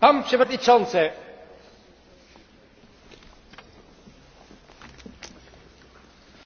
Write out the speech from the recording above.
Pan Przewodniczący,